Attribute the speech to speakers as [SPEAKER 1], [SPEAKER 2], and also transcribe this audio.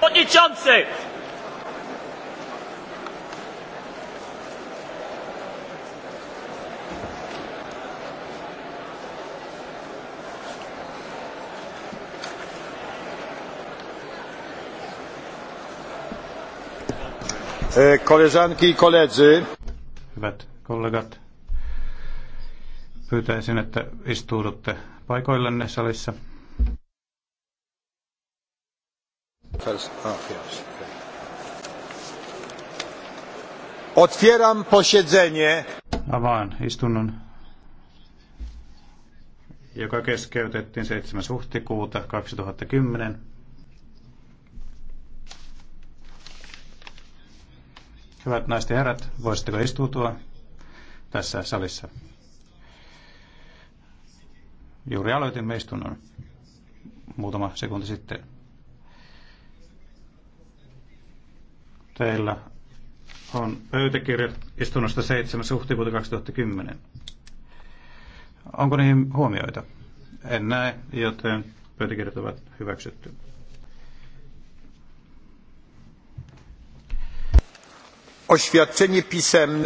[SPEAKER 1] Przewodniczący!
[SPEAKER 2] E, koleżanki i koledzy. Hyvät
[SPEAKER 3] kollegat, pyytäisin, että istuudutte paikoillenne salissa.
[SPEAKER 1] first. Ah, Otwieram posiedzenie.
[SPEAKER 3] Avaan istunnon, joka keskeytettiin 7. huhtikuuta 2010. Hyvät naiset ja herrat, voisitteko istua tässä salissa? Juuri aloitimme istunnon muutama sekunti sitten. Teillä on pöytäkirjat istunnosta 7. huhtikuuta 2010. Onko niihin huomioita? En näe, joten pöytäkirjat ovat hyväksytty. Oświadczenie pisemne.